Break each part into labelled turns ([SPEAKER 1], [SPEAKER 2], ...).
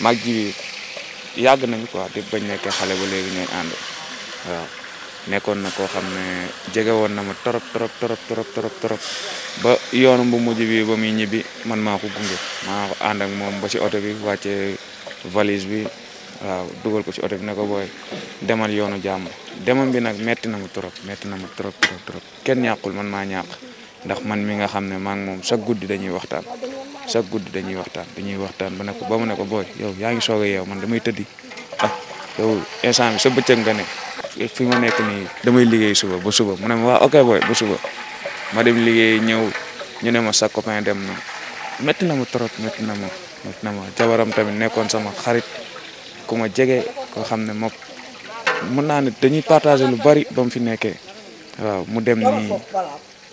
[SPEAKER 1] maag jibi yàgg nañu quoi depuis bañ nekkee xale ba léegi ñooy ànd waaw nekkoon na koo xam ne jege woon na ma trop trop trop trop trop trop ba yoonu bu mujj bi ba ñibbi man maa ko gunge maa ko ànd ak moom ba ci oto bi wàccee valise bi waaw dugal ko ci oto bi ne ko booy demal yoonu jàmm demal bi nag metti na ma trop metti na ma trop trop kenn ñàqul man maa ñàq ndax man mi nga xam ne maa ngi moom chaque guddi dañuy waxtaan chaque guddi dañuy waxtaan dañuy waxtaan ba ne ko ba mu ne ko booy yow yaa ngi soog a yeew man damay tëddi ah yow instant bi sa bëccëg nga ne fi ma nekk nii damay liggéey suba ba suba mu ne ma waa ok booy ba suba ma dem liggéey ñëw ñu ne ma sa copin dem na métti na ma trop métti na ma métti na ma jabaram tamit nekkoon sama xarit ku ma jege koo xam ne moom mën naa ne dañuy partager lu bari ba mu fi nekkee waaw mu dem nii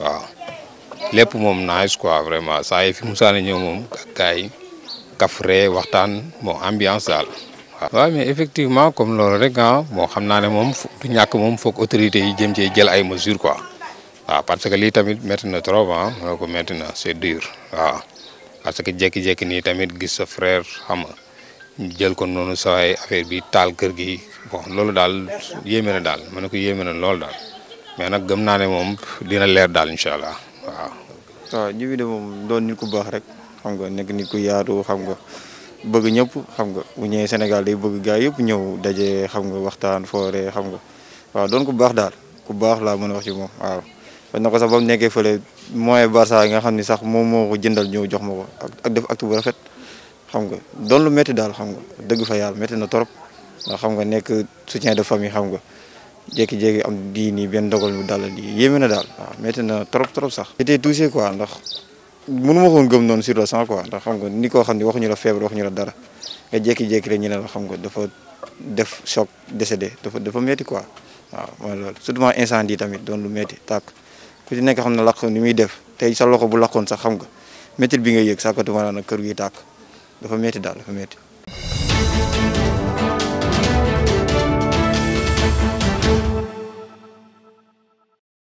[SPEAKER 2] waaw lépp moom nice quoi vraiment saa yi fi musaane ñëw moom ak gars yi kafre waxtaan bon ambiance daal waaw. waaw mais effectivement comme loolu rek ah bon xam naa ne moom du ñàkk moom foog autorité yi jëm cee jël ay mesures quoi waaw parce que lii tamit métti na trop ah, ko métti na c'est dur waaw parce que jékki-jékki nii tamit gis sa frère xam nga jël ko noonu saa affaire bi taal kër gi loolu daal yéeme na daal ma ne ko yéeme na loolu daal. mais nag gëm naa ne moom dina leer daal incha allah waaw. waaw jiw de moom doon nit ku baax rek xam nga nekk
[SPEAKER 3] nit ku yaatu xam nga bëgg ñëpp xam nga bu ñëwee Sénégal day bëgg gaa yëpp ñëw daje xam nga waxtaan foore xam nga waaw doon ku baax daal ku baax laa mën a wax ci moom waaw. ko sax ba nekkee fële moyen Barça yi nga xam ni sax moom moo ko jëndal ñëw jox ma ko ak def acte bu rafet xam nga doon lu métti daal xam nga dëgg fa yàlla métti na trop xam nga nekk soutien de famille xam nga. jékki-jékki am di nii benn dogal bu dal di yéeme na daal waaw métti na trop trop sax. j'étais touché quoi ndax mënu ma ko gëm noonu sur le sang quoi ndax xam ni koo xam ne waxuñu la feebar waxuñu la dara nga jékki-jékki rek ñu ne xam nga dafa def choc décédé dafa dafa métti quoi waaw mooy loolu surtout incendie tamit doon lu métti tàkk ku ci nekk xam na lakk ni muy def tey sa loxo bu lakkoon sax xam nga métti bi nga yëg sax ko tuuma nag kër gi tàkk dafa métti daal dafa métti.